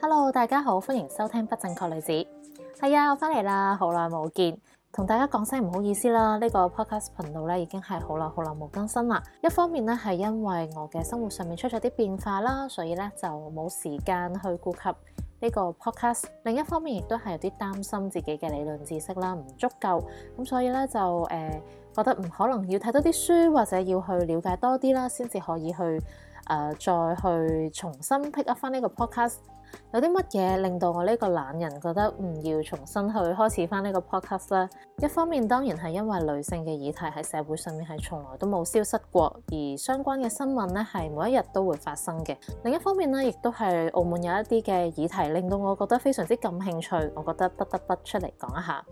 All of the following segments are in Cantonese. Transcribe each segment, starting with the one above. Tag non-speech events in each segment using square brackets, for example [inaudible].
Hello，大家好，歡迎收聽不正確女子。係啊，我翻嚟啦，好耐冇見，同大家講聲唔好意思啦。呢、這個 podcast 頻道咧已經係好耐好耐冇更新啦。一方面咧係因為我嘅生活上面出咗啲變化啦，所以咧就冇時間去顧及呢個 podcast。另一方面亦都係有啲擔心自己嘅理論知識啦唔足夠咁，所以咧就誒、呃、覺得唔可能要睇多啲書或者要去了解多啲啦，先至可以去誒、呃、再去重新 pick 翻呢個 podcast。有啲乜嘢令到我呢個懶人覺得唔要重新去開始返呢個 Podcast 咧？一方面當然係因為女性嘅議題喺社會上面係從來都冇消失過，而相關嘅新聞咧係每一日都會發生嘅。另一方面咧，亦都係澳門有一啲嘅議題令到我覺得非常之感興趣，我覺得不得不出嚟講一下。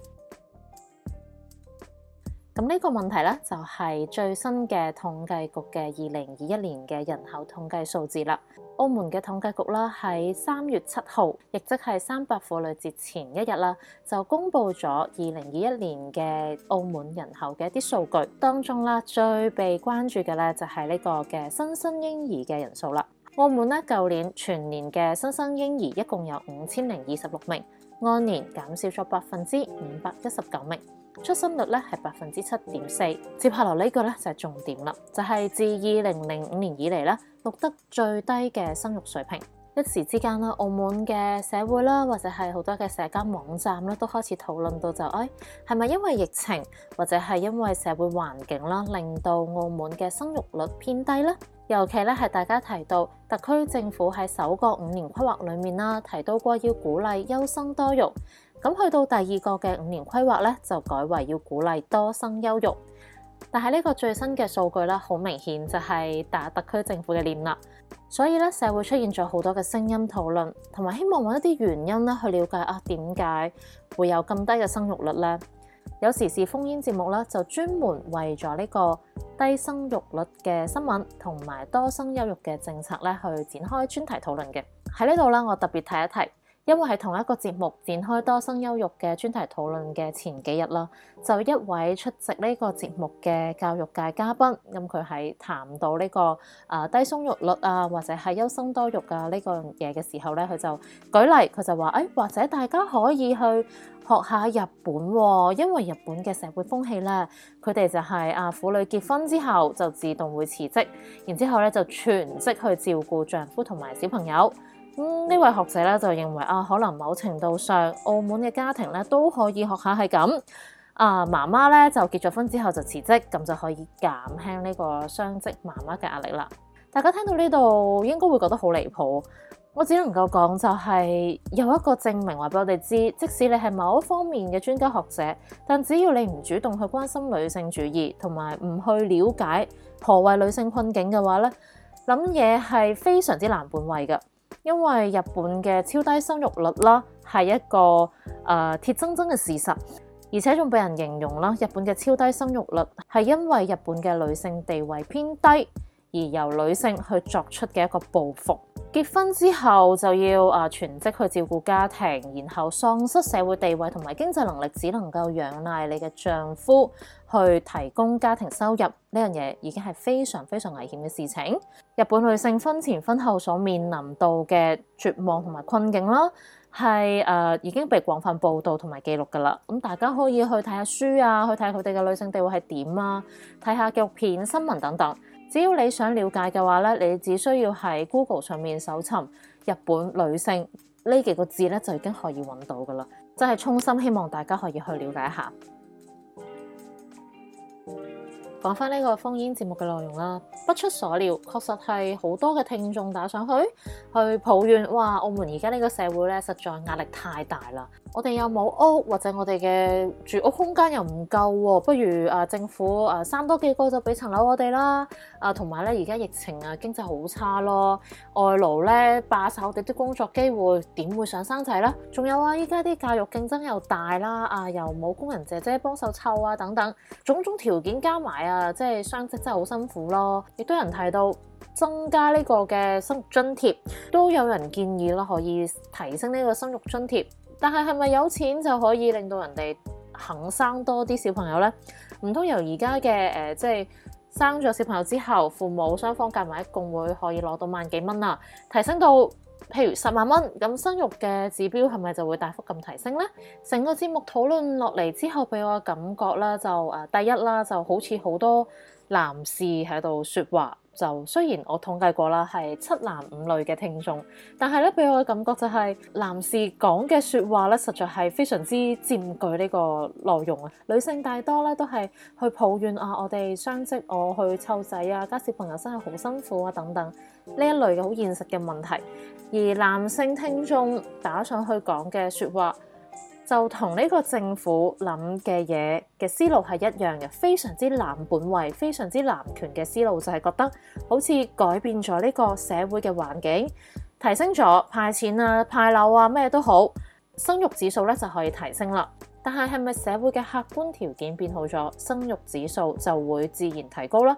咁呢個問題咧，就係最新嘅統計局嘅二零二一年嘅人口統計數字啦。澳門嘅統計局啦，喺三月七號，亦即係三八婦女節前一日啦，就公布咗二零二一年嘅澳門人口嘅一啲數據。當中啦，最被關注嘅咧就係呢個嘅新生嬰兒嘅人數啦。澳門咧舊年全年嘅新生嬰兒一共有五千零二十六名，按年減少咗百分之五百一十九名。出生率咧係百分之七點四，接下來呢句咧就係重點啦，就係、是、自二零零五年以嚟咧錄得最低嘅生育水平。一時之間啦，澳門嘅社會啦，或者係好多嘅社交網站咧，都開始討論到就，哎，係咪因為疫情或者係因為社會環境啦，令到澳門嘅生育率偏低呢？尤其咧係大家提到特區政府喺首個五年規劃裏面啦，提到過要鼓勵優生多育。咁去到第二個嘅五年規劃咧，就改為要鼓勵多生優育，但係呢個最新嘅數據咧，好明顯就係打特區政府嘅臉啦。所以咧，社會出現咗好多嘅聲音討論，同埋希望揾一啲原因咧去了解啊，點解會有咁低嘅生育率呢？有時事烽煙節目咧，就專門為咗呢個低生育率嘅新聞同埋多生優育嘅政策咧，去展開專題討論嘅。喺呢度咧，我特別提一提。因為係同一個節目展開多生優育嘅專題討論嘅前幾日啦，就一位出席呢個節目嘅教育界嘉賓，咁佢喺談到呢、這個啊、呃、低生育率啊或者係優生多育啊呢、這個嘢嘅時候咧，佢就舉例，佢就話：誒、哎、或者大家可以去學下日本、哦，因為日本嘅社會風氣咧，佢哋就係啊婦女結婚之後就自動會辭職，然之後咧就全職去照顧丈夫同埋小朋友。呢、嗯、位學者咧就認為啊，可能某程度上，澳門嘅家庭咧都可以學下係咁啊。媽媽咧就結咗婚之後就辭職，咁就可以減輕呢個雙職媽媽嘅壓力啦。大家聽到呢度應該會覺得好離譜，我只能夠講就係、是、有一個證明，話俾我哋知，即使你係某一方面嘅專家學者，但只要你唔主動去關心女性主義，同埋唔去了解何謂女性困境嘅話咧，諗嘢係非常之難，本位嘅。因為日本嘅超低生育率啦，係一個誒鐵、呃、錚錚嘅事實，而且仲俾人形容啦，日本嘅超低生育率係因為日本嘅女性地位偏低。而由女性去作出嘅一個報復。結婚之後，就要啊、呃、全職去照顧家庭，然後喪失社會地位同埋經濟能力，只能夠仰賴你嘅丈夫去提供家庭收入呢樣嘢，已經係非常非常危險嘅事情。日本女性婚前婚後所面臨到嘅絕望同埋困境啦，係誒、呃、已經被廣泛報道同埋記錄㗎啦。咁、嗯、大家可以去睇下書啊，去睇佢哋嘅女性地位係點啊，睇下紀錄片、新聞等等。只要你想了解嘅話呢，你只需要喺 Google 上面搜尋日本女性呢幾個字呢，就已經可以揾到㗎喇。真係衷心希望大家可以去了解一下。講翻呢個烽煙節目嘅內容啦，不出所料，確實係好多嘅聽眾打上去，去抱怨，哇，澳門而家呢個社會咧，實在壓力太大啦！我哋又冇屋，或者我哋嘅住屋空間又唔夠喎。不如啊，政府啊，生多幾個就俾層樓我哋啦。啊，同埋咧，而家疫情啊，經濟好差咯，外勞咧霸晒我哋啲工作機會，點會想生仔咧？仲有啊，依家啲教育競爭又大啦，啊，又冇工人姐姐幫手湊啊，等等，種種條件加埋啊！啊、呃，即係雙職真係好辛苦咯，亦都有人提到增加呢個嘅生育津貼，都有人建議啦，可以提升呢個生育津貼。但係係咪有錢就可以令到人哋肯生多啲小朋友呢？唔通由而家嘅誒，即係生咗小朋友之後，父母雙方夾埋一共會可以攞到萬幾蚊啊？提升到。譬如十萬蚊咁，生育嘅指標係咪就會大幅咁提升呢？成個節目討論落嚟之後，俾我嘅感覺啦，就誒第一啦，就好似好多。男士喺度説話，就雖然我統計過啦，係七男五女嘅聽眾，但係咧，俾我嘅感覺就係、是、男士講嘅説話咧，實在係非常之佔據呢個內容啊。女性大多咧都係去抱怨啊，我哋雙職我去湊仔啊，家小朋友真係好辛苦啊等等呢一類嘅好現實嘅問題，而男性聽眾打上去講嘅説話，就同呢個政府諗嘅嘢嘅思路係一樣嘅，非常之男本位、非常之男權嘅思路，就係覺得好似改變咗呢個社會嘅環境，提升咗派錢啊、派樓啊咩都好，生育指數咧就可以提升啦。但係係咪社會嘅客觀條件變好咗，生育指數就會自然提高啦？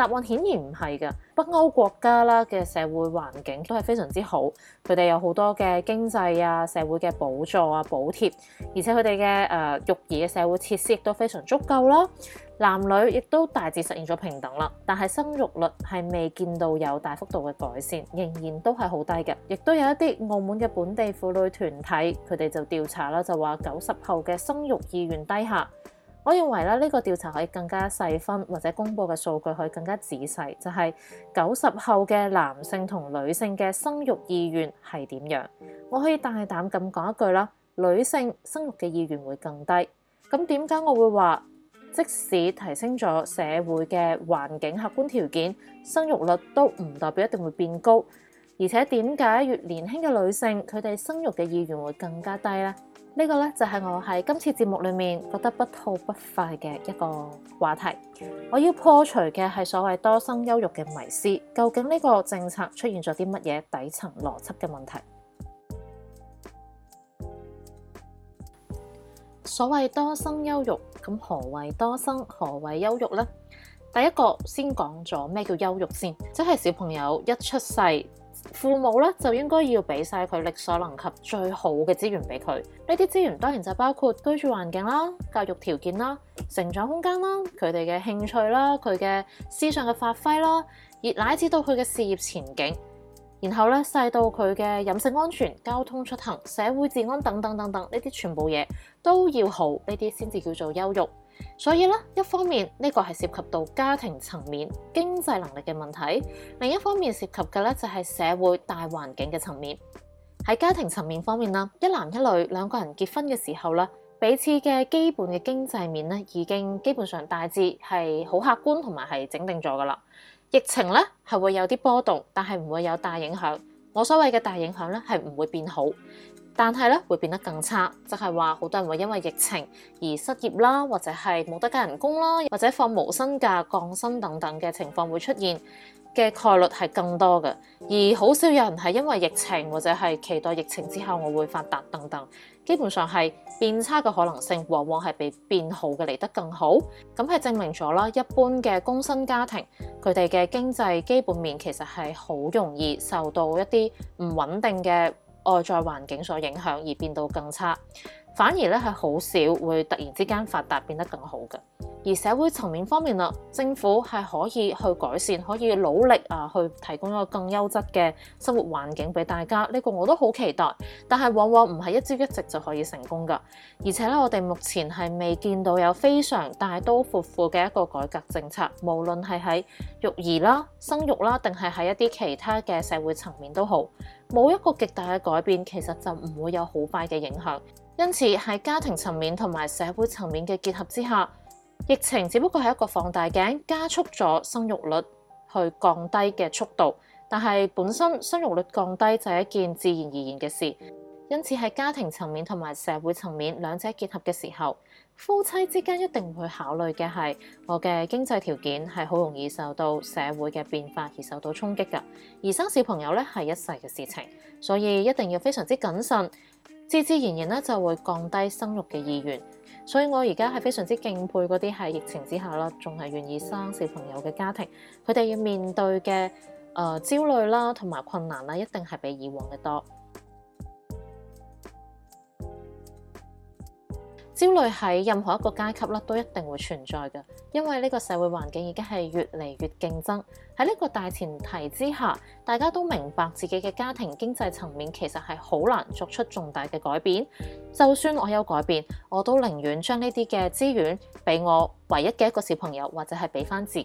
答案顯然唔係㗎，北歐國家啦嘅社會環境都係非常之好，佢哋有好多嘅經濟啊、社會嘅補助啊、補貼，而且佢哋嘅誒育兒嘅社會設施亦都非常足夠啦。男女亦都大致實現咗平等啦，但係生育率係未見到有大幅度嘅改善，仍然都係好低嘅。亦都有一啲澳門嘅本地婦女團體，佢哋就調查啦，就話九十後嘅生育意願低下。我認為啦，呢個調查可以更加細分，或者公佈嘅數據可以更加仔細，就係九十後嘅男性同女性嘅生育意願係點樣？我可以大膽咁講一句啦，女性生育嘅意願會更低。咁點解我會話，即使提升咗社會嘅環境客觀條件，生育率都唔代表一定會變高。而且點解越年輕嘅女性，佢哋生育嘅意願會更加低呢？呢個咧就係我喺今次節目裏面覺得不吐不快嘅一個話題。我要破除嘅係所謂多生優育嘅迷思，究竟呢個政策出現咗啲乜嘢底層邏輯嘅問題？所謂多生優育，咁何為多生？何為優育呢？第一個先講咗咩叫優育先，即係小朋友一出世。父母咧就應該要俾晒佢力所能及最好嘅資源俾佢。呢啲資源當然就包括居住環境啦、教育條件啦、成長空間啦、佢哋嘅興趣啦、佢嘅思想嘅發揮啦，而乃至到佢嘅事業前景。然後咧細到佢嘅飲食安全、交通出行、社會治安等等等等，呢啲全部嘢都要好，呢啲先至叫做優育。所以咧，一方面呢，這個係涉及到家庭層面經濟能力嘅問題，另一方面涉及嘅咧就係社會大環境嘅層面。喺家庭層面方面啦，一男一女兩個人結婚嘅時候咧，彼此嘅基本嘅經濟面咧已經基本上大致係好客觀同埋係整定咗噶啦。疫情咧係會有啲波動，但係唔會有大影響。我所謂嘅大影響咧係唔會變好。但係咧，會變得更差，就係話好多人會因為疫情而失業啦，或者係冇得加人工啦，或者放無薪假，降薪等等嘅情況會出現嘅概率係更多嘅，而好少有人係因為疫情或者係期待疫情之後我會發達等等，基本上係變差嘅可能性，往往係比變好嘅嚟得更好，咁係證明咗啦，一般嘅工薪家庭佢哋嘅經濟基本面其實係好容易受到一啲唔穩定嘅。外在環境所影響而變到更差。反而咧，係好少會突然之間發達變得更好嘅。而社會層面方面啦，政府係可以去改善，可以努力啊去提供一個更優質嘅生活環境俾大家。呢個我都好期待，但係往往唔係一朝一夕就可以成功噶。而且咧，我哋目前係未見到有非常大刀闊斧嘅一個改革政策，無論係喺育兒啦、生育啦，定係喺一啲其他嘅社會層面都好，冇一個極大嘅改變，其實就唔會有好快嘅影響。因此喺家庭層面同埋社會層面嘅結合之下，疫情只不過係一個放大鏡，加速咗生育率去降低嘅速度。但係本身生育率降低就係一件自然而然嘅事。因此喺家庭層面同埋社會層面兩者結合嘅時候，夫妻之間一定會考慮嘅係我嘅經濟條件係好容易受到社會嘅變化而受到衝擊嘅。而生小朋友咧，係一世嘅事情，所以一定要非常之謹慎。自自然然咧，就會降低生育嘅意願。所以我而家係非常之敬佩嗰啲喺疫情之下啦，仲係願意生小朋友嘅家庭。佢哋要面對嘅誒、呃、焦慮啦，同埋困難啦，一定係比以往嘅多。焦慮喺任何一個階級啦，都一定會存在嘅，因為呢個社會環境已經係越嚟越競爭。喺呢個大前提之下，大家都明白自己嘅家庭經濟層面其實係好難作出重大嘅改變。就算我有改變，我都寧願將呢啲嘅資源俾我唯一嘅一個小朋友，或者係俾返自己。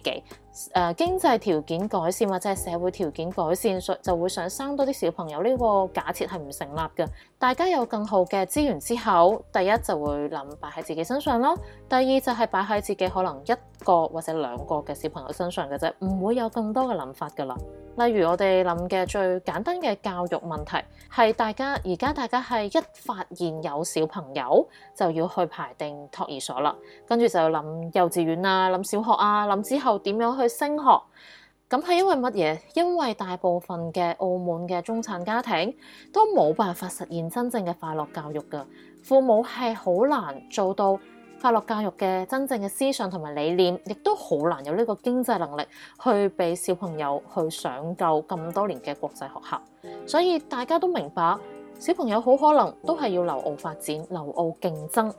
誒、呃、經濟條件改善或者係社會條件改善，所以就會想生多啲小朋友，呢個假設係唔成立嘅。大家有更好嘅資源之後，第一就會諗擺喺自己身上咯，第二就係擺喺自己可能一個或者兩個嘅小朋友身上嘅啫，唔會有咁。更多嘅諗法噶啦，例如我哋諗嘅最簡單嘅教育問題，係大家而家大家係一發現有小朋友就要去排定托兒所啦，跟住就要諗幼稚園啊，諗小學啊，諗之後點樣去升學，咁係因為乜嘢？因為大部分嘅澳門嘅中產家庭都冇辦法實現真正嘅快樂教育噶，父母係好難做到。法樂教育嘅真正嘅思想同埋理念，亦都好難有呢個經濟能力去俾小朋友去上夠咁多年嘅國際學校，所以大家都明白，小朋友好可能都係要留澳發展、留澳競爭，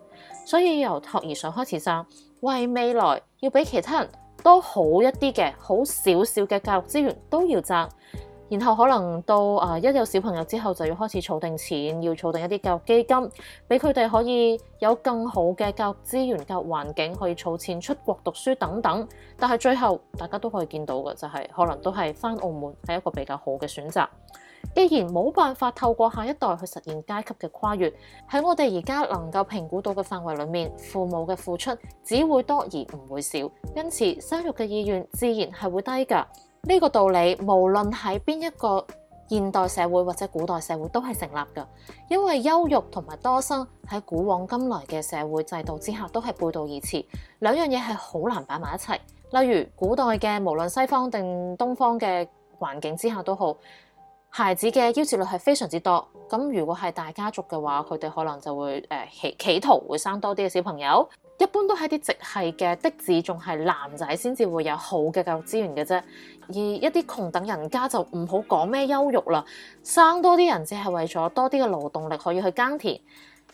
所以由學兒上開始爭，為未來要比其他人多好一啲嘅好少少嘅教育資源都要爭。然後可能到啊一有小朋友之後就要開始儲定錢，要儲定一啲教育基金，俾佢哋可以有更好嘅教育資源、教育環境，可以儲錢出國讀書等等。但係最後大家都可以見到嘅就係，可能都係返澳門係一個比較好嘅選擇。既然冇辦法透過下一代去實現階級嘅跨越，喺我哋而家能夠評估到嘅範圍裡面，父母嘅付出只會多而唔會少，因此生育嘅意願自然係會低㗎。呢個道理，無論喺邊一個現代社會或者古代社會都係成立嘅，因為優育同埋多生喺古往今來嘅社會制度之下都係背道而馳，兩樣嘢係好難擺埋一齊。例如古代嘅，無論西方定東方嘅環境之下都好，孩子嘅夭折率係非常之多。咁如果係大家族嘅話，佢哋可能就會誒、呃、企企圖會生多啲嘅小朋友。一般都係啲直系嘅的，的子，仲係男仔先至會有好嘅教育資源嘅啫，而一啲窮等人家就唔好講咩優育啦，生多啲人只係為咗多啲嘅勞動力可以去耕田。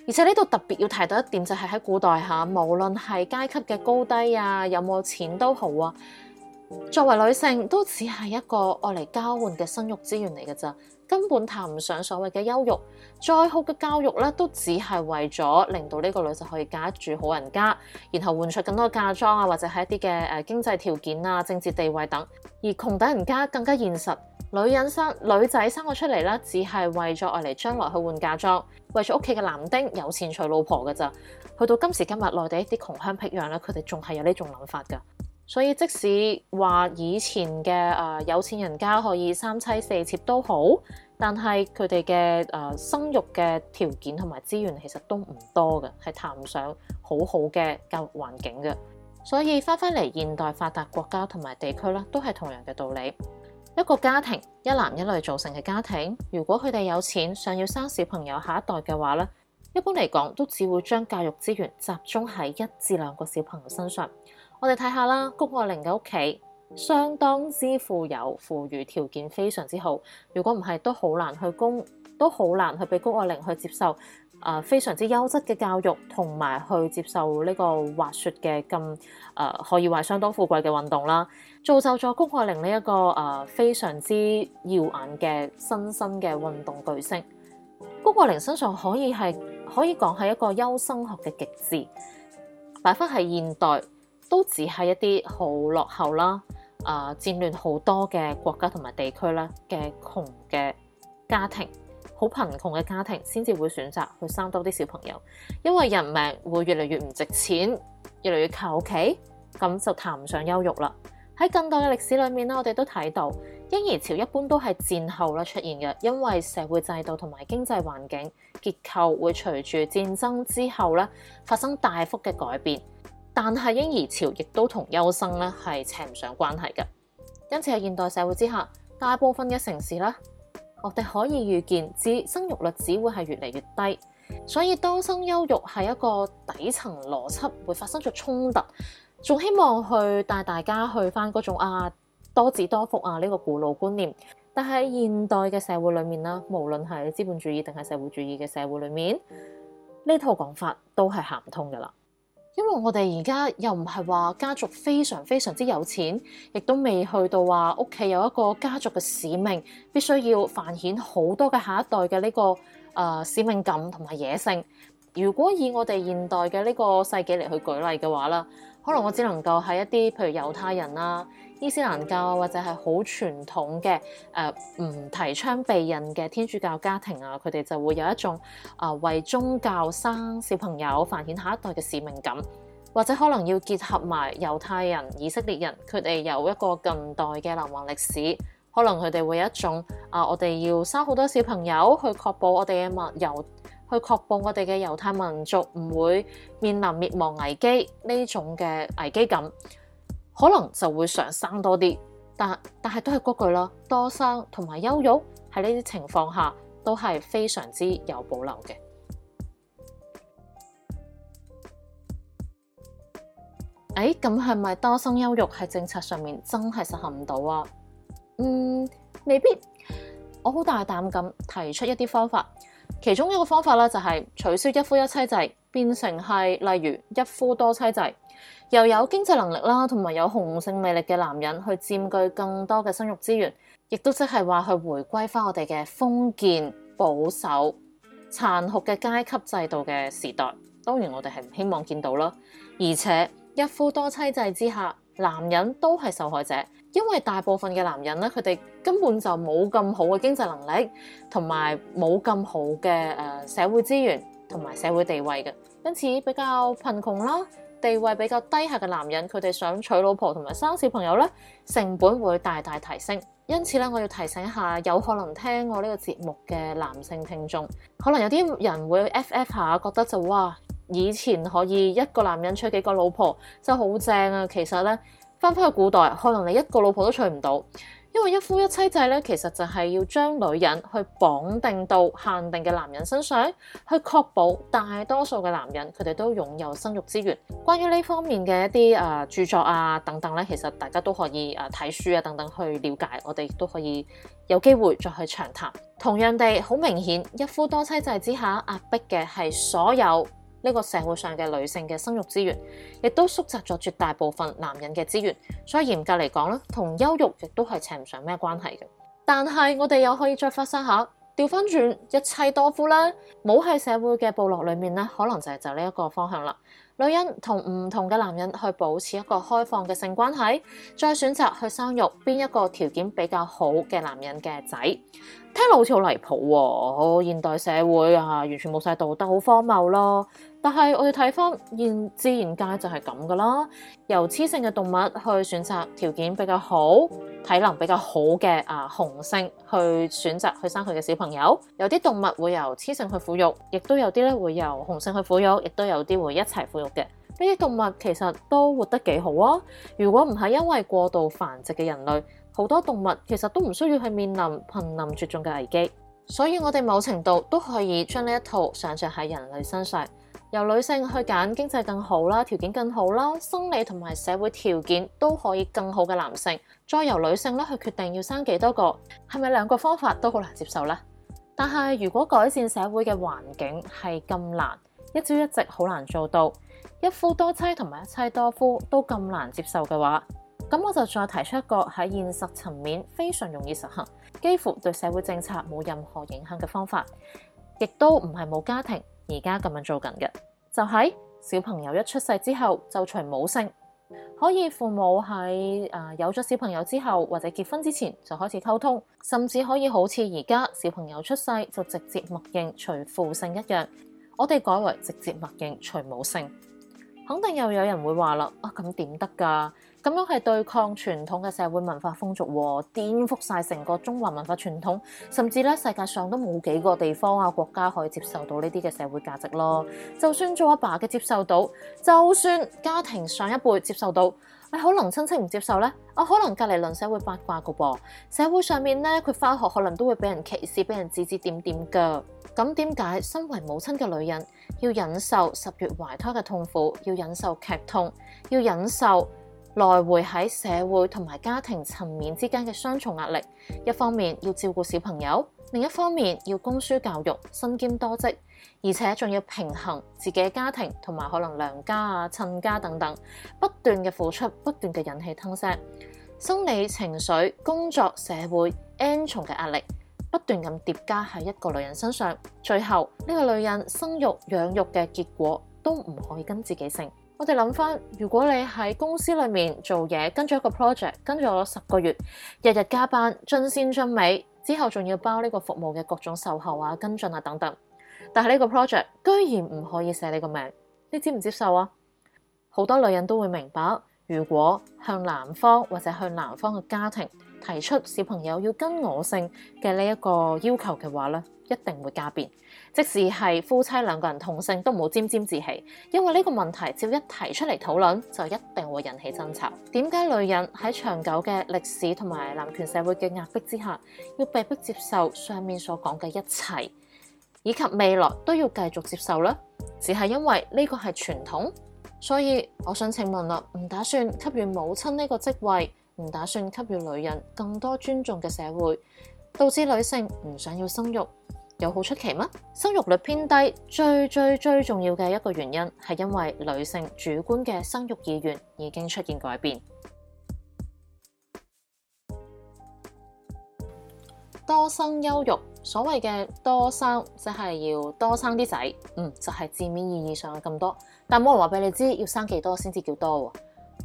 而且呢度特別要提到一點，就係喺古代下，無論係階級嘅高低啊，有冇錢都好啊，作為女性都只係一個愛嚟交換嘅生育資源嚟嘅咋。根本談唔上所謂嘅優育，再好嘅教育咧，都只係為咗令到呢個女仔可以嫁住好人家，然後換出更多嫁妝啊，或者係一啲嘅誒經濟條件啊、政治地位等。而窮等人家更加現實，女人生女仔生咗出嚟咧，只係為咗愛嚟將來去換嫁妝，為咗屋企嘅男丁有錢娶老婆噶咋。去到今時今日，內地一啲窮鄉僻壤咧，佢哋仲係有呢種諗法噶。所以即使話以前嘅誒、呃、有錢人家可以三妻四妾都好。但係佢哋嘅誒生育嘅條件同埋資源其實都唔多嘅，係談唔上好好嘅教育環境嘅。所以翻返嚟現代發達國家同埋地區咧，都係同樣嘅道理。一個家庭一男一女組成嘅家庭，如果佢哋有錢想要生小朋友下一代嘅話咧，一般嚟講都只會將教育資源集中喺一至兩個小朋友身上。我哋睇下啦，谷愛凌嘅屋企。相當之富有，富裕條件非常之好。如果唔係，都好難去供，都好難去俾谷愛凌去接受誒、呃、非常之優質嘅教育，同埋去接受呢個滑雪嘅咁誒，可以話相當富貴嘅運動啦，造就咗谷愛凌呢一個誒、呃、非常之耀眼嘅新生嘅運動巨星。谷愛凌身上可以係可以講係一個優生學嘅極致，擺翻喺現代都只係一啲好落後啦。啊、呃，戰亂好多嘅國家同埋地區咧嘅窮嘅家庭，好貧窮嘅家庭先至會選擇去生多啲小朋友，因為人命會越嚟越唔值錢，越嚟越求其，咁就談唔上優育啦。喺近代嘅歷史裏面咧，我哋都睇到嬰兒潮一般都係戰後啦出現嘅，因為社會制度同埋經濟環境結構會隨住戰爭之後咧發生大幅嘅改變。但係嬰兒潮亦都同優生咧係扯唔上關係嘅，因此喺現代社會之下，大部分嘅城市咧，我哋可以預見，只生育率只會係越嚟越低，所以多生優育係一個底層邏輯會發生咗衝突，仲希望去帶大家去翻嗰種啊多子多福啊呢個古老觀念，但喺現代嘅社會裡面啦，無論係資本主義定係社會主義嘅社會裡面，呢套講法都係行唔通噶啦。因為我哋而家又唔係話家族非常非常之有錢，亦都未去到話屋企有一個家族嘅使命，必須要繁衍好多嘅下一代嘅呢、這個誒、呃、使命感同埋野性。如果以我哋現代嘅呢個世紀嚟去舉例嘅話啦。可能我只能夠喺一啲譬如猶太人啦、啊、伊斯蘭教或者係好傳統嘅誒，唔、呃、提倡避孕嘅天主教家庭啊，佢哋就會有一種啊、呃，為宗教生小朋友、繁衍下一代嘅使命感，或者可能要結合埋猶太人、以色列人，佢哋有一個近代嘅流亡歷史，可能佢哋會有一種啊、呃，我哋要生好多小朋友去確保我哋嘅物有。由去確保我哋嘅猶太民族唔會面臨滅亡危機呢種嘅危機感，可能就會想生多啲，但係但係都係嗰句啦，多生同埋優育喺呢啲情況下都係非常之有保留嘅。哎，咁係咪多生優育喺政策上面真係實行唔到啊？嗯，未必。我好大膽咁提出一啲方法。其中一個方法啦，就係取消一夫一妻制，變成係例如一夫多妻制，又有經濟能力啦，同埋有，有雄性魅力嘅男人去佔據更多嘅生育資源，亦都即係話去回歸翻我哋嘅封建保守、殘酷嘅階級制度嘅時代。當然我哋係唔希望見到啦。而且一夫多妻制之下，男人都係受害者。因為大部分嘅男人咧，佢哋根本就冇咁好嘅經濟能力，同埋冇咁好嘅誒、呃、社會資源同埋社會地位嘅，因此比較貧窮啦，地位比較低下嘅男人，佢哋想娶老婆同埋生小朋友咧，成本會大大提升。因此咧，我要提醒一下有可能聽我呢個節目嘅男性聽眾，可能有啲人會 FF 下，覺得就哇，以前可以一個男人娶幾個老婆真係好正啊，其實咧。翻返去古代，可能你一個老婆都娶唔到。因為一夫一妻制咧，其實就係要將女人去綁定到限定嘅男人身上，去確保大多數嘅男人佢哋都擁有生育資源。關於呢方面嘅一啲啊、呃、著作啊等等咧，其實大家都可以啊、呃、睇書啊等等去了解，我哋亦都可以有機會再去長談。同樣地，好明顯一夫多妻制之下壓迫嘅係所有。呢個社會上嘅女性嘅生育資源，亦都縮窄咗絕大部分男人嘅資源，所以嚴格嚟講咧，同優育亦都係扯唔上咩關係嘅。但係我哋又可以再發生下，調翻轉一妻多夫啦，母系社會嘅部落裡面咧，可能就係就呢一個方向啦。女人同唔同嘅男人去保持一個開放嘅性關係，再選擇去生育邊一個條件比較好嘅男人嘅仔。聽落好似好離譜喎、哦！現代社會啊，完全冇曬道德，好荒謬咯。但係我哋睇翻現自然界就係咁噶啦，由雌性嘅動物去選擇條件比較好、體能比較好嘅啊雄性去選擇去生佢嘅小朋友。有啲動物會由雌性去哺育，亦都有啲咧會由雄性去哺育，亦都有啲會一齊哺育嘅。呢啲動物其實都活得幾好啊、哦！如果唔係因為過度繁殖嘅人類。好多動物其實都唔需要去面臨瀕臨絕種嘅危機，所以我哋某程度都可以將呢一套想像喺人類身上，由女性去揀經濟更好啦、條件更好啦、生理同埋社會條件都可以更好嘅男性，再由女性咧去決定要生幾多個，係咪兩個方法都好難接受呢？但係如果改善社會嘅環境係咁難，一朝一夕好難做到，一夫多妻同埋一妻多夫都咁難接受嘅話，咁我就再提出一個喺現實層面非常容易實行，幾乎對社會政策冇任何影響嘅方法，亦都唔係冇家庭而家咁樣做緊嘅，就係、是、小朋友一出世之後就隨母姓，可以父母喺誒、呃、有咗小朋友之後或者結婚之前就開始溝通，甚至可以好似而家小朋友出世就直接默認隨父姓一樣，我哋改為直接默認隨母姓。肯定又有人會話啦，啊咁點得噶？咁樣係對抗傳統嘅社會文化風俗、哦，喎，顛覆曬成個中華文化傳統，甚至呢世界上都冇幾個地方啊國家可以接受到呢啲嘅社會價值咯。就算做阿爸嘅接受到，就算家庭上一輩接受到，你可能親戚唔接受呢，啊可能隔離鄰舍會八卦個噃。社會上面呢，佢返學可能都會俾人歧視，俾人指指點點噶。咁點解身為母親嘅女人要忍受十月懷胎嘅痛苦，要忍受劇痛，要忍受？來回喺社會同埋家庭層面之間嘅雙重壓力，一方面要照顧小朋友，另一方面要供書教育，身兼多職，而且仲要平衡自己嘅家庭同埋可能娘家啊、親家等等，不斷嘅付出，不斷嘅忍氣吞聲，生理情緒、工作、社會 N 重嘅壓力，不斷咁疊加喺一個女人身上，最後呢、這個女人生育養育嘅結果都唔可以跟自己姓。我哋諗翻，如果你喺公司裏面做嘢，跟咗一個 project，跟咗十個月，日日加班，盡先盡尾，之後仲要包呢個服務嘅各種售後啊、跟進啊等等，但係呢個 project 居然唔可以寫你個名，你接唔接受啊？好多女人都會明白，如果向男方或者向男方嘅家庭提出小朋友要跟我姓嘅呢一個要求嘅話咧，一定會加變。即使係夫妻兩個人同性都冇沾沾自喜，因為呢個問題只要一提出嚟討論，就一定會引起爭吵。點解女人喺長久嘅歷史同埋男權社會嘅壓迫之下，要被迫接受上面所講嘅一切，以及未來都要繼續接受呢？只係因為呢個係傳統，所以我想請問啦，唔打算給予母親呢個職位，唔打算給予女人更多尊重嘅社會，導致女性唔想要生育？有好出奇嗎？生育率偏低最最最重要嘅一個原因係因為女性主觀嘅生育意願已經出現改變，多生優育。所謂嘅多生即係要多生啲仔，嗯，就係字面意義上嘅咁多，但冇人話俾你知要生幾多先至叫多，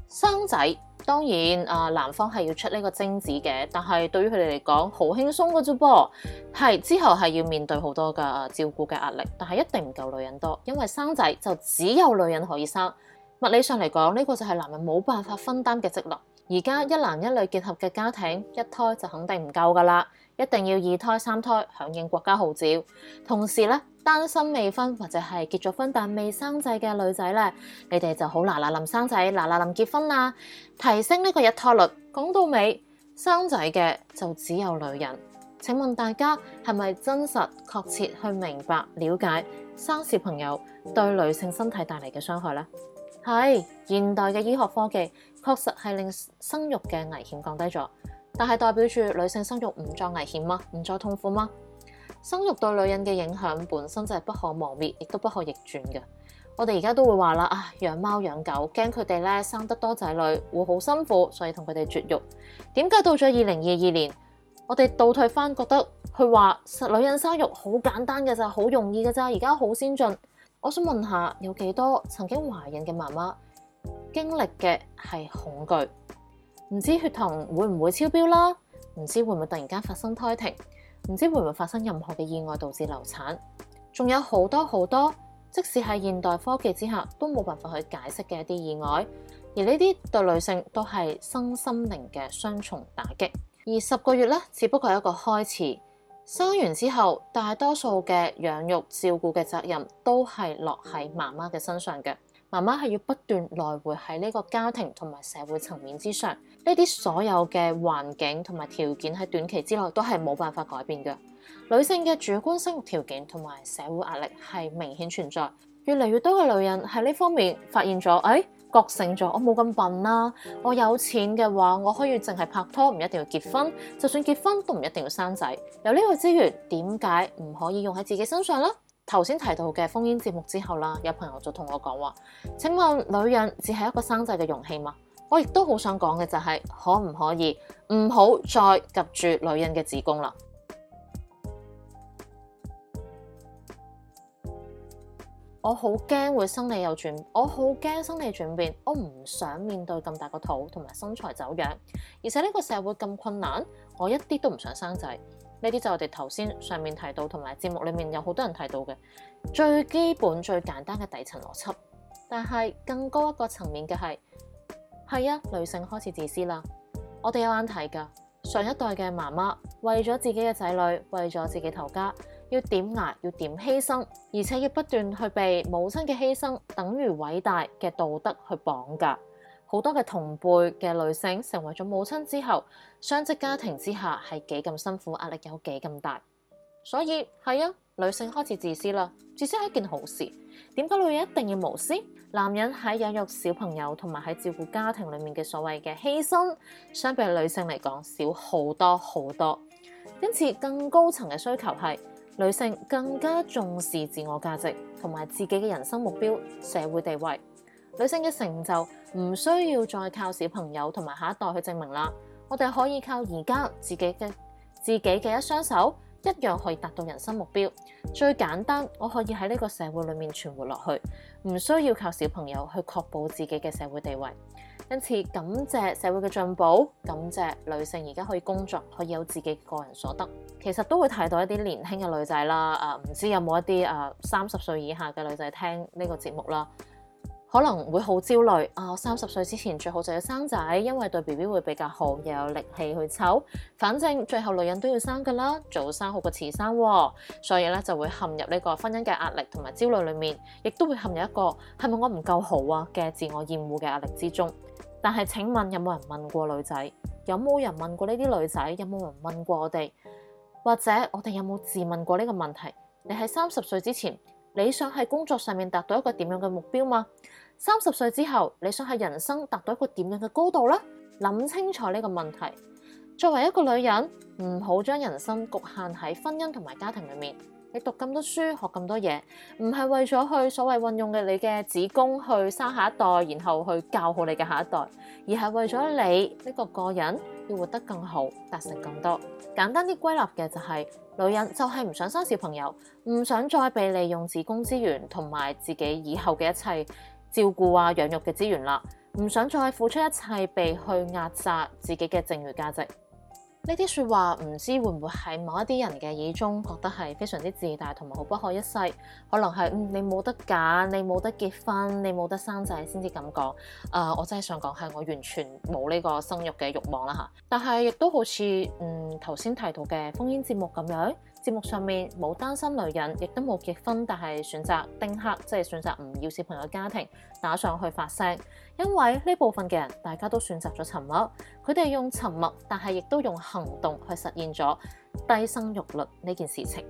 生仔。當然，啊、呃、男方係要出呢個精子嘅，但係對於佢哋嚟講好輕鬆嘅啫噃，係之後係要面對好多嘅、呃、照顧嘅壓力，但係一定唔夠女人多，因為生仔就只有女人可以生。物理上嚟講，呢、這個就係男人冇辦法分擔嘅職能。而家一男一女結合嘅家庭一胎就肯定唔夠噶啦，一定要二胎三胎，響應國家號召。同時咧。單身未婚或者係結咗婚但未生仔嘅女仔咧，你哋就好嗱嗱臨生仔，嗱嗱臨結婚啦，提升呢個日拖率。講到尾，生仔嘅就只有女人。請問大家係咪真實確切去明白了解生小朋友對女性身體帶嚟嘅傷害呢？係現代嘅醫學科技確實係令生育嘅危險降低咗，但係代表住女性生育唔再危險嗎？唔再痛苦嗎？生育對女人嘅影響本身就係不可磨滅，亦都不可逆轉嘅。我哋而家都會話啦，啊，養貓養狗驚佢哋咧生得多仔女會好辛苦，所以同佢哋絕育。點解到咗二零二二年，我哋倒退翻覺得佢話實女人生育好簡單嘅咋，好容易嘅咋，而家好先進。我想問下，有幾多曾經懷孕嘅媽媽經歷嘅係恐懼？唔知血糖會唔會超標啦？唔知會唔會突然間發生胎停？唔知會唔會發生任何嘅意外導致流產，仲有好多好多，即使係現代科技之下都冇辦法去解釋嘅一啲意外，而呢啲對女性都係身心靈嘅雙重打擊。而十個月咧，只不過係一個開始，生完之後大多數嘅養育照顧嘅責任都係落喺媽媽嘅身上嘅。媽媽係要不斷來回喺呢個家庭同埋社會層面之上，呢啲所有嘅環境同埋條件喺短期之內都係冇辦法改變嘅。女性嘅主觀生活條件同埋社會壓力係明顯存在，越嚟越多嘅女人喺呢方面發現咗，哎，覺醒咗，我冇咁笨啦，啊，我有錢嘅話，我可以淨係拍拖，唔一定要結婚，就算結婚都唔一定要生仔。有呢個資源，點解唔可以用喺自己身上呢？頭先提到嘅烽煙節目之後啦，有朋友就同我講話，請問女人只係一個生仔嘅容器嗎？我亦都好想講嘅就係、是，可唔可以唔好再盯住女人嘅子宮啦？嗯、我好驚會生理有轉，我好驚生理轉變，我唔想面對咁大個肚同埋身材走樣，而且呢個社會咁困難，我一啲都唔想生仔。呢啲就是我哋頭先上面提到，同埋節目裏面有好多人提到嘅最基本、最簡單嘅底層邏輯。但係更高一個層面嘅係係啊，女性開始自私啦。我哋有眼睇㗎，上一代嘅媽媽為咗自己嘅仔女，為咗自己頭家，要點捱，要點犧牲，而且要不斷去被母親嘅犧牲等於偉大嘅道德去綁架。好多嘅同輩嘅女性成為咗母親之後，雙職家庭之下係幾咁辛苦，壓力有幾咁大，所以係啊，女性開始自私啦，自私係一件好事。點解女人一定要無私？男人喺養育小朋友同埋喺照顧家庭裏面嘅所謂嘅犧牲，相比女性嚟講少好多好多。因此更高層嘅需求係女性更加重視自我價值，同埋自己嘅人生目標、社會地位。女性嘅成就唔需要再靠小朋友同埋下一代去證明啦，我哋可以靠而家自己嘅自己嘅一雙手，一樣可以達到人生目標。最簡單，我可以喺呢個社會裏面存活落去，唔需要靠小朋友去確保自己嘅社會地位。因此，感謝社會嘅進步，感謝女性而家可以工作，可以有自己個人所得。其實都會睇到一啲年輕嘅女仔啦有有，啊，唔知有冇一啲啊三十歲以下嘅女仔聽呢個節目啦？可能會好焦慮啊！三十歲之前最好就要生仔，因為對 BB 會比較好，又有力氣去湊。反正最後女人都要生噶啦，早生好過遲生。哦，所以咧就會陷入呢個婚姻嘅壓力同埋焦慮裡面，亦都會陷入一個係咪我唔夠好啊嘅自我厭惡嘅壓力之中。但係請問有冇人問過女仔？有冇人問過呢啲女仔？有冇人問過我哋？或者我哋有冇自問過呢個問題？你喺三十歲之前？你想喺工作上面達到一個點樣嘅目標嘛？三十歲之後，你想喺人生達到一個點樣嘅高度呢？諗清楚呢個問題。作為一個女人，唔好將人生局限喺婚姻同埋家庭裏面。你讀咁多書，學咁多嘢，唔係為咗去所謂運用嘅你嘅子宮去生下一代，然後去教好你嘅下一代，而係為咗你呢、這個個人。要活得更好，達成更多。簡單啲歸納嘅就係、是，女人就係唔想生小朋友，唔想再被利用子宮資源同埋自己以後嘅一切照顧啊養育嘅資源啦，唔想再付出一切被去壓榨自己嘅剩餘價值。呢啲說話唔知道會唔會喺某一啲人嘅耳中覺得係非常之自大同埋好不可一世，可能係嗯，你冇得揀，你冇得，得結婚，你冇得生仔先至咁講。誒、呃，我真係想講係我完全冇呢個生育嘅慾望啦，但係亦都好似嗯頭先提到嘅封煙節目咁樣。節目上面冇單身女人，亦都冇結婚，但係選擇丁克，即係選擇唔要小朋友家庭打上去發聲，因為呢部分嘅人大家都選擇咗沉默，佢哋用沉默，但係亦都用行動去實現咗低生育率呢件事情。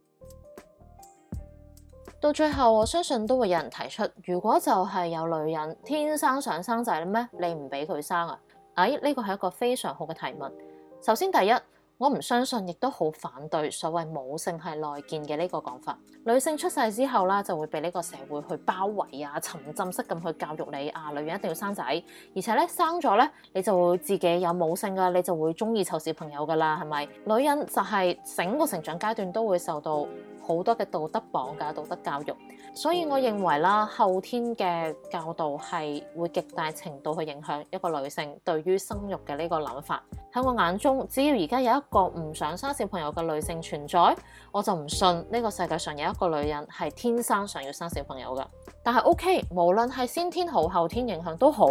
[noise] 到最後，我相信都會有人提出，如果就係有女人天生想生仔咩，你唔俾佢生啊？哎，呢、這個係一個非常好嘅提問。首先，第一。我唔相信，亦都好反對所謂母性係內建嘅呢個講法。女性出世之後啦，就會被呢個社會去包圍啊，沉浸式咁去教育你啊。女人一定要生仔，而且咧，生咗咧，你就會自己有母性噶，你就會中意湊小朋友噶啦，係咪？女人就係整個成長階段都會受到，好多嘅道德綁架、道德教育，所以我認為啦，後天嘅教導係會極大程度去影響一個女性對於生育嘅呢個諗法。喺我眼中，只要而家有一個唔想生小朋友嘅女性存在，我就唔信呢個世界上有一個女人係天生想要生小朋友噶。但係 OK，無論係先天好後天影響都好，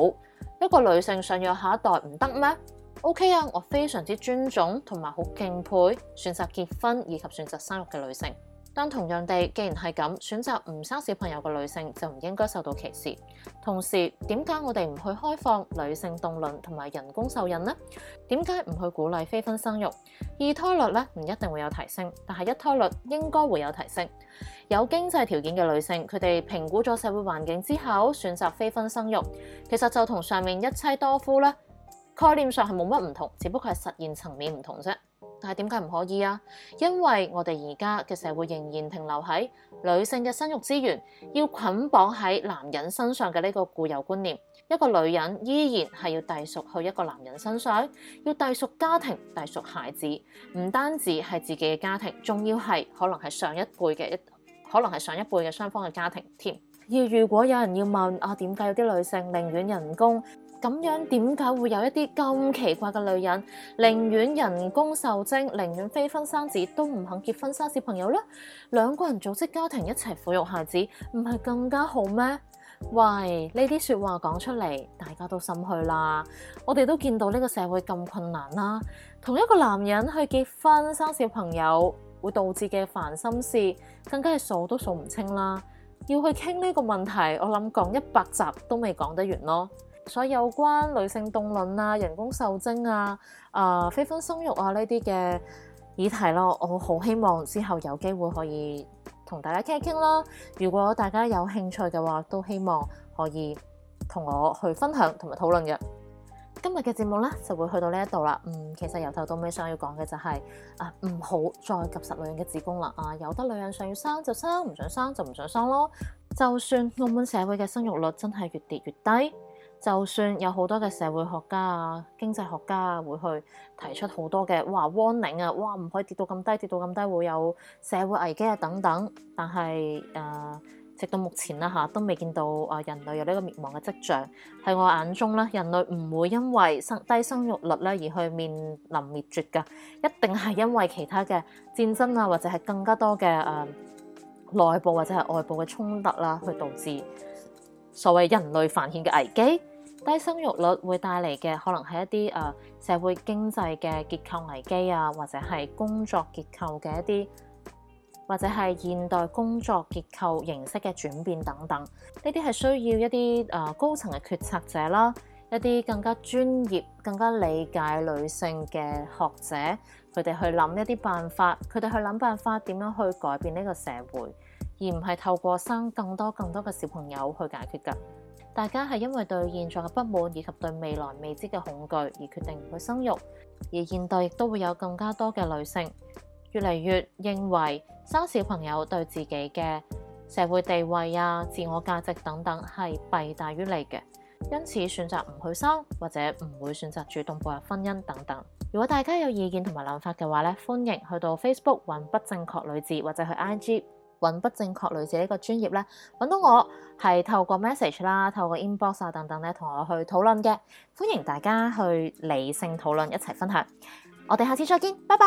一個女性想要下一代唔得咩？OK 啊，我非常之尊重同埋好敬佩選擇結婚以及選擇生育嘅女性。但同樣地，既然係咁，選擇唔生小朋友嘅女性就唔應該受到歧視。同時，點解我哋唔去開放女性凍卵同埋人工受孕呢？點解唔去鼓勵非婚生育？二胎率呢，唔一定會有提升，但係一胎率應該會有提升。有經濟條件嘅女性，佢哋評估咗社會環境之後，選擇非婚生育，其實就同上面一妻多夫呢，概念上係冇乜唔同，只不過係實現層面唔同啫。但係點解唔可以啊？因為我哋而家嘅社會仍然停留喺女性嘅生育資源要捆綁喺男人身上嘅呢個固有觀念。一個女人依然係要隸屬去一個男人身上，要隸屬家庭、隸屬孩子，唔單止係自己嘅家庭，仲要係可能係上一輩嘅一，可能係上一輩嘅雙方嘅家庭添。而如果有人要問啊，點解有啲女性寧願人工？咁樣點解會有一啲咁奇怪嘅女人寧願人工受精，寧願非婚生子都唔肯結婚生小朋友呢？兩個人組織家庭一齊撫育孩子，唔係更加好咩？喂，呢啲說話講出嚟，大家都心虛啦。我哋都見到呢個社會咁困難啦、啊，同一個男人去結婚生小朋友會導致嘅煩心事，更加係數都數唔清啦。要去傾呢個問題，我諗講一百集都未講得完咯。所以有關女性凍卵、啊、人工受精啊、啊、呃、非婚生育啊呢啲嘅議題咯，我好希望之後有機會可以同大家傾一傾啦。如果大家有興趣嘅話，都希望可以同我去分享同埋討論嘅。今日嘅節目咧就會去到呢一度啦。嗯，其實由頭到尾想要講嘅就係、是、啊，唔好再及實女人嘅子宮啦。啊，有得女人想要生就生，唔想生就唔想生咯。就算澳門社會嘅生育率真係越跌越低。就算有好多嘅社會學家啊、經濟學家啊會去提出好多嘅話 warning 啊，哇唔可以跌到咁低，跌到咁低會有社會危機啊等等。但係誒、呃，直到目前啦嚇，都未見到誒人類有呢個滅亡嘅跡象。喺我眼中咧，人類唔會因為生低生育率咧而去面臨滅絕嘅，一定係因為其他嘅戰爭啊，或者係更加多嘅誒內部或者係外部嘅衝突啦，去導致。所謂人類繁衍嘅危機，低生育率會帶嚟嘅可能係一啲誒、呃、社會經濟嘅結構危機啊，或者係工作結構嘅一啲，或者係現代工作結構形式嘅轉變等等。呢啲係需要一啲誒、呃、高層嘅決策者啦，一啲更加專業、更加理解女性嘅學者，佢哋去諗一啲辦法，佢哋去諗辦法點樣去改變呢個社會。而唔係透過生更多更多嘅小朋友去解決㗎。大家係因為對現狀嘅不滿以及對未來未知嘅恐懼而決定唔去生育。而現代亦都會有更加多嘅女性越嚟越認為生小朋友對自己嘅社會地位啊、自我價值等等係弊大於利嘅，因此選擇唔去生或者唔會選擇主動步入婚姻等等。如果大家有意見同埋諗法嘅話咧，歡迎去到 Facebook 揾不正確女子或者去 IG。揾不正確，類似呢個專業咧，揾到我係透過 message 啦，透過 inbox 啊等等咧，同我去討論嘅。歡迎大家去理性討論，一齊分享。我哋下次再見，拜拜。